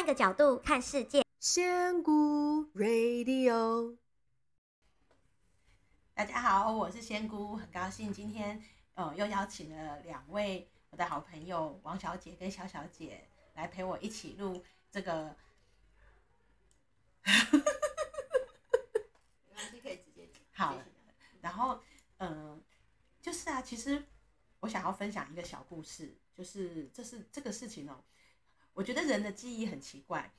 換個角度看世界，仙姑 Radio。大家好，我是仙姑，很高興今天呃又邀請了兩位我的好朋友王小姐跟小小姐來陪我一起錄這個。沒關係，可以直接。好了，謝謝，然後嗯、呃，就是啊，其實我想要分享一個小故事，就是這是這個事情哦。我覺得人的記憶很奇怪，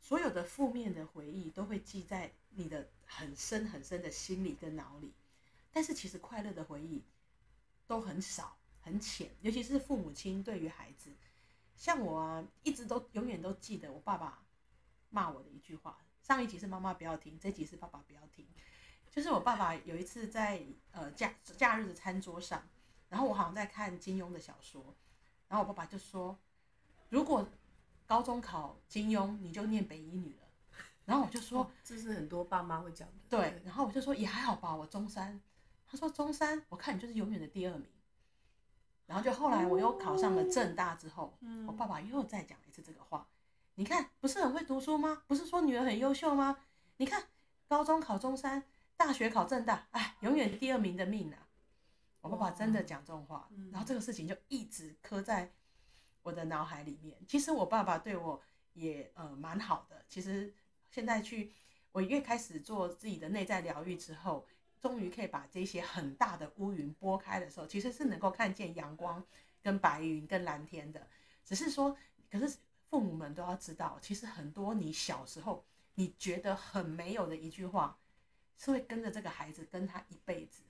所有的負面的回憶都會記在你的很深很深的心裡跟腦裡，但是其實快樂的回憶都很少很淺，尤其是父母親對於孩子，像我啊，一直都永遠都記得我爸爸罵我的一句話，上一集是媽媽不要聽，這集是爸爸不要聽，就是我爸爸有一次在呃假假日的餐桌上，然後我好像在看金庸的小說，然後我爸爸就說，如果。高中考金庸，你就念北一女了，然後我就說、哦、這是很多爸媽會講的。對，對然後我就說也還好吧，我中山。他說中山，我看你就是永遠的第二名。然後就後來我又考上了政大之後，哦嗯、我爸爸又再講一次這個話，你看不是很會讀書嗎？不是說女兒很優秀嗎？你看高中考中山，大學考政大，唉，永遠第二名的命啊！我爸爸真的講這種話，哦嗯、然後這個事情就一直刻在。我的腦海裡面，其實我爸爸對我也呃蠻好的。其實現在去，我越開始做自己的內在療癒之後，終於可以把這些很大的烏雲撥開的時候，其實是能夠看見陽光，跟白雲，跟藍天的。只是說，可是父母們都要知道，其實很多你小時候你覺得很沒有的一句話，是會跟着這個孩子跟他一輩子，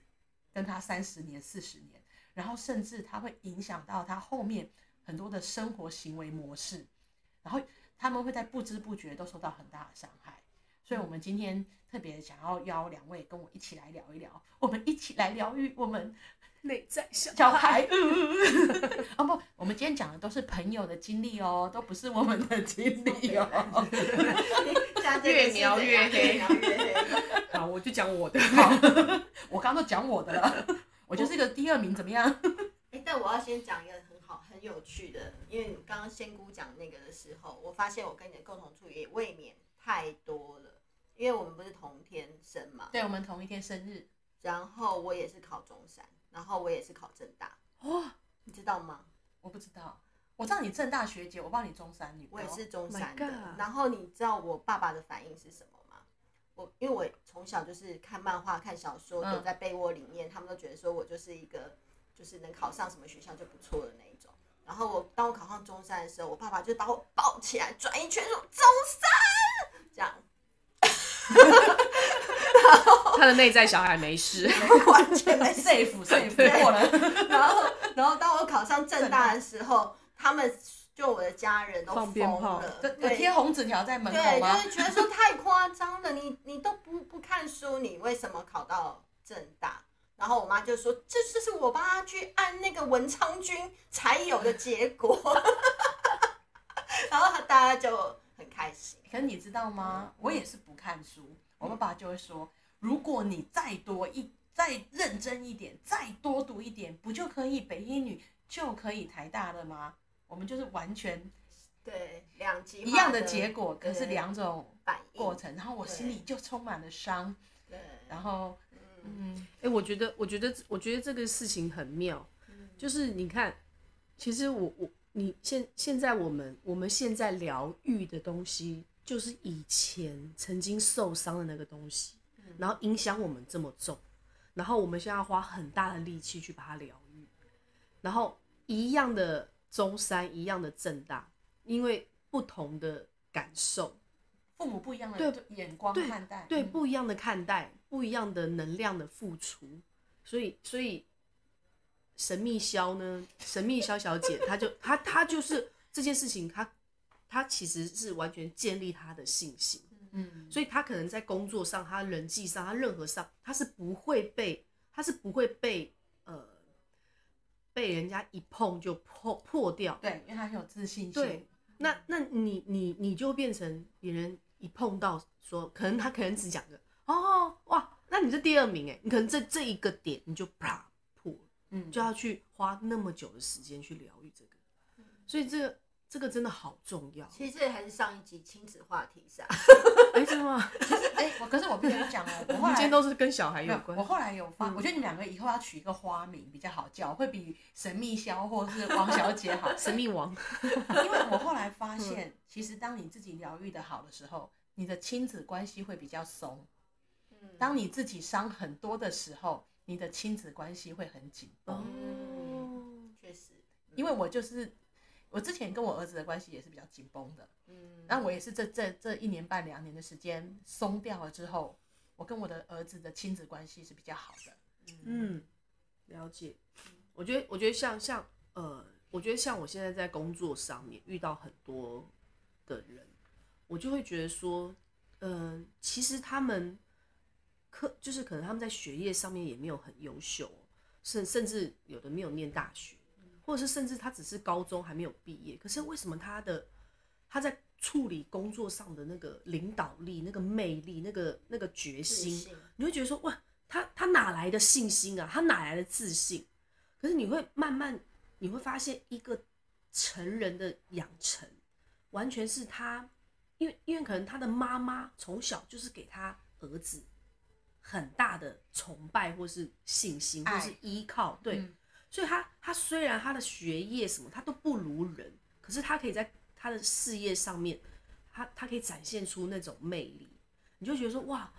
跟他三十年、四十年，然後甚至他會影響到他後面，很多的生活行為模式，然後他們會在不知不覺都受到很大的傷害，所以，我們今天特別想要邀兩位跟我一起來聊一聊，我們一起來療癒我們內在小孩、 哦。不，我們今天講的都是朋友的經歷哦，都不是我們的經歷哦。越描越黑。好，我就講我的，好 我剛都講我的了，我就是一個第二名，怎麼樣？我欸、但我要先講一個。有趣的，因為剛剛仙姑講那個的時候，我發現我跟你的共同處也未免太多了。因為我們不是同天生嗎？對，我們同一天生日。然後我也是考中山，然後我也是考政大。哇、哦，你知道嗎？我不知道，我知道你政大學姐，我幫你中山女。我也是中山的。God 然後你知道我爸爸的反應是什麼嗎？我因為我從小就是看漫畫、看小說，躲、嗯、在被窩裡面，他們都覺得說我就是一個就是能考上什麼學校就不錯的那一種。然後我當我考上中山的時候，我爸爸就把我抱起來轉一圈，說中山這樣。 後他的內在小孩沒事，完全被 safe 對過了。 然後然後當我考上政大的時候，他們就我的家人都瘋了，放鞭炮，對，貼紅紙條在門口，對，就是覺得說太誇張了，你你都不不看書，你為什麼考到政大？然後我媽就說：“這是我爸去按那個文昌君才有的結果。 ”然後大家就很開心。可是你知道嗎？嗯、我也是不看書，嗯、我爸爸就會說：“如果你再多一再認真一點，再多讀一點，不就可以北英女就可以台大了嗎？”我們就是完全對兩一樣的結果，可是兩種反應過程。然後我心裡就充滿了傷。對，然後。嗯，哎、欸，我覺得，我覺得，我覺得這個事情很妙，嗯、就是你看，其實我我你現現在我們我們現在療癒的東西，就是以前曾經受傷的那個東西，然後影響我們這麼重，然後我們現在要花很大的力氣去把它療癒，然後一樣的中山、一樣的政大，因為不同的感受。父母不一樣的眼光看待，對，對，對不一樣的看待，不一樣的能量的付出，所以所以神秘肖呢，神秘肖小姐， 她就她她就是這件事情，她她其實是完全建立她的信心，嗯哼，所以她可能在工作上，她人際上，她任何上，她是不會被，她是不會被呃被人家一碰就破破掉，對，因為她很有自信心。對，那那你你你就變成別人。一碰到說，可能他可能只講着，哦哇，那你是第二名哎，你可能在這一個點你就啪破了，嗯，就要去花那麼久的時間去療癒這個，嗯、所以這個。這個真的好重要。其實這還是上一集親子話題上。沒什麼其實，我可是我跟你講哦，我今天都是跟小孩有關。我後來有發，我覺得你們兩個以後要取一個花名比較好叫，會比神秘蕭或者是王小姐好，神秘王。因為我後來發現，其實當你自己療癒得好的時候，你的親子關係會比較鬆。當你自己傷很多的時候，你的親子關係會很緊繃。確實。因為我就是。我之前跟我兒子的關係也是比較緊繃的，嗯，但我也是這這這一年半兩年的時間鬆掉了之後，我跟我的兒子的親子關係是比較好的，嗯，嗯，了解。我覺得我覺得像像，呃，我覺得像我現在在工作上面遇到很多的人，我就會覺得說，嗯、呃，其實他們可就是可能他們在學業上面也沒有很優秀，甚甚至有的沒有念大學。或者是甚至他只是高中還沒有畢業，可是為什麼他的他在處理工作上的那個領導力、那個魅力、那個那個決心，信你會覺得說哇，他他哪來的信心啊？他哪來的自信？可是你會慢慢你會發現，一個成人的養成，完全是他，因為因為可能他的媽媽從小就是給他兒子很大的崇拜，或是信心，愛或是依靠，對。嗯所以他，他他雖然他的學業什麼他都不如人，可是他可以在他的事業上面，他他可以展現出那種魅力，你就覺得說哇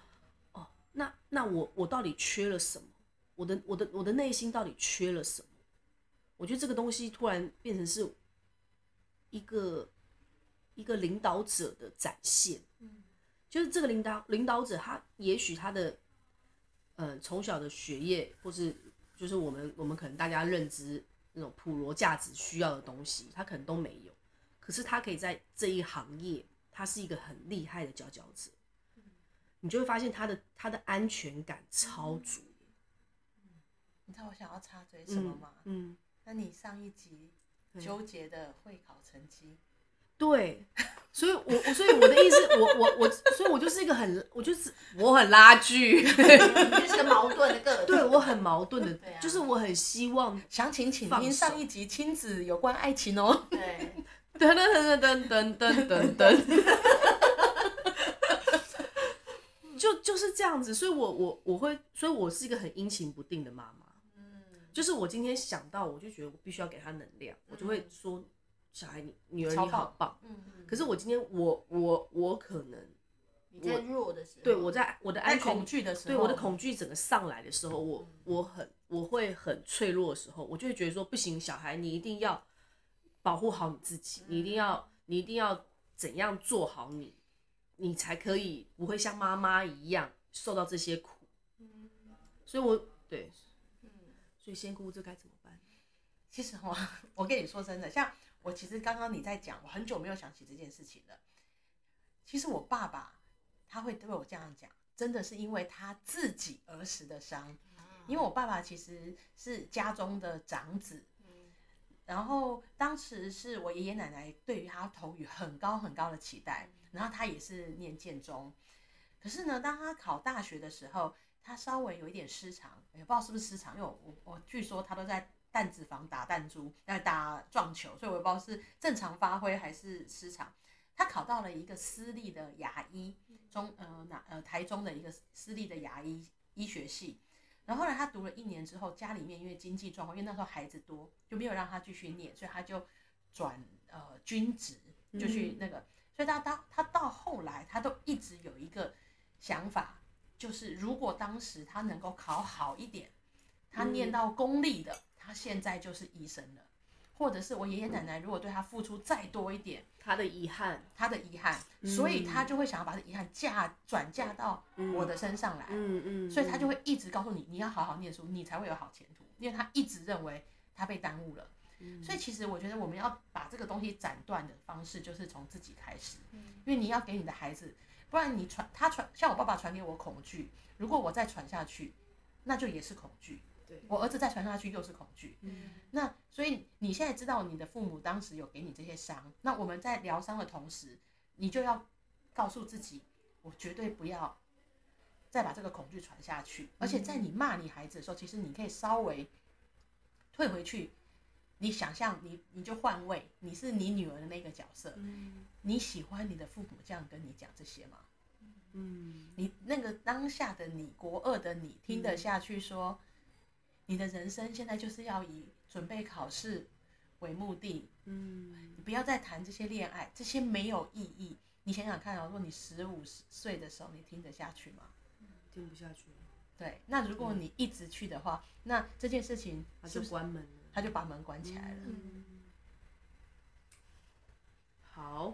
哦，那那我我到底缺了什麼？我的我的我的內心到底缺了什麼？我覺得這個東西突然變成是一個一個領導者的展現，嗯，就是這個領導領導者他也許他的，呃，從小的學業或是。就是我們，我們可能大家認知那種普羅價值需要的東西，他可能都沒有，可是他可以在這一行業，他是一個很厲害的佼佼者，你就會發現他的他的安全感超足。嗯，你知道我想要插嘴什麼嗎？嗯，嗯，那你上一集糾結的會考成績。對，所以，我，所以我的意思，我，我，我，所以我就是一個很，我就是 我很拉鋸， 你就是一個矛盾的個，對，對我很矛盾的，對啊、就是我很希望想請，請聽上一集親子有關愛情哦、喔，對，等等等等等等等等，就就是這樣子，所以，我，我，我會，所以我是一個很陰晴不定的媽媽，嗯，就是我今天想到，我就覺得我必須要給他能量，嗯、我就會說。小孩，你女兒你好棒，超棒。可是我今天我，我我我可能，你在弱的時候，對，我在我的愛恐懼的時候，對我的恐懼整個上來的時候，嗯、我我很我會很脆弱的時候，我就會覺得說，不行，小孩你一定要保護好你自己，嗯、你一定要你一定要怎樣做好你，你才可以不會像媽媽一樣受到這些苦。嗯、所以我對，所以仙姑這該怎麼辦？其實我我跟你說真的，像。我其實剛剛你在講，我很久沒有想起這件事情了。其實我爸爸他會對我這樣講，真的是因為他自己兒時的傷。哦、因為我爸爸其實是家中的長子，嗯、然後當時是我爺爺奶奶對於他投予很高很高的期待，嗯、然後他也是念建中。可是呢，當他考大學的時候，他稍微有一點失常，也、哎、不知道是不是失常，因為我我我據說他都在。彈子房打彈珠，要打撞球，所以我不知道是正常發揮還是失常。他考到了一個私立的牙醫中，呃，哪呃台中的一個私立的牙醫醫學系。然後後來他讀了一年之後，家裡面因為經濟狀況，因為那時候孩子多，就沒有讓他繼續念，所以他就轉呃軍職，就去那個。嗯、所以他到他到後來，他都一直有一個想法，就是如果當時他能夠考好一點，他念到公立的。嗯他現在就是醫生了，或者是我爺爺奶奶如果對他付出再多一點，嗯、他的遺憾，他的遺憾，嗯、所以他就會想要把這遺憾嫁轉嫁到我的身上來，嗯嗯，所以他就會一直告訴你，你要好好念書，你才會有好前途，嗯、因為他一直認為他被耽誤了，嗯、所以其實我覺得我們要把這個東西斬斷的方式就是從自己開始，嗯、因為你要給你的孩子，不然你傳他傳，像我爸爸傳給我恐懼，如果我再傳下去，那就也是恐懼。對我兒子再傳下去又是恐懼，嗯、那所以你現在知道你的父母當時有給你這些傷，那我們在療傷的同時，你就要告訴自己，我絕對不要再把這個恐懼傳下去。而且在你罵你孩子的時候，嗯、其實你可以稍微退回去，你想象你你就換位，你是你女兒的那個角色，嗯、你喜歡你的父母這樣跟你講這些嗎？嗯，你那個當下的你國二的你聽得下去說？嗯你的人生現在就是要以準備考試為目的，嗯，你不要再談這些戀愛，這些沒有意義。你想想看哦，如果你十五歲的時候你聽得下去嗎？聽不下去。對，那如果你一直去的話，嗯，那這件事情是不是，他就關門了，他就把門關起來了。嗯，嗯，好。